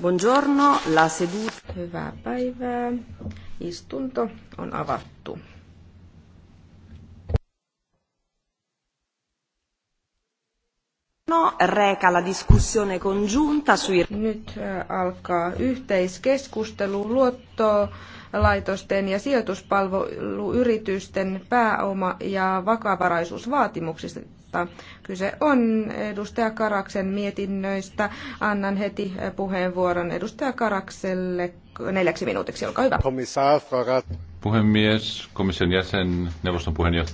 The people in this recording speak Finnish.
Buongiorno, la seduta. Hyvää päivää. Istunto on avattu. No, la discussione congiunta sui... Nyt alkaa yhteiskeskustelu luottolaitosten ja sijoituspalveluyritysten pääoma- ja vakavaraisuusvaatimuksista. Kyse on edustaja Karaksen mietinnöistä. Annan heti puheenvuoron edustaja Karakselle neljäksi minuutiksi. Olkaa hyvä. Puhemies, komission jäsen, neuvoston puheenjohtaja.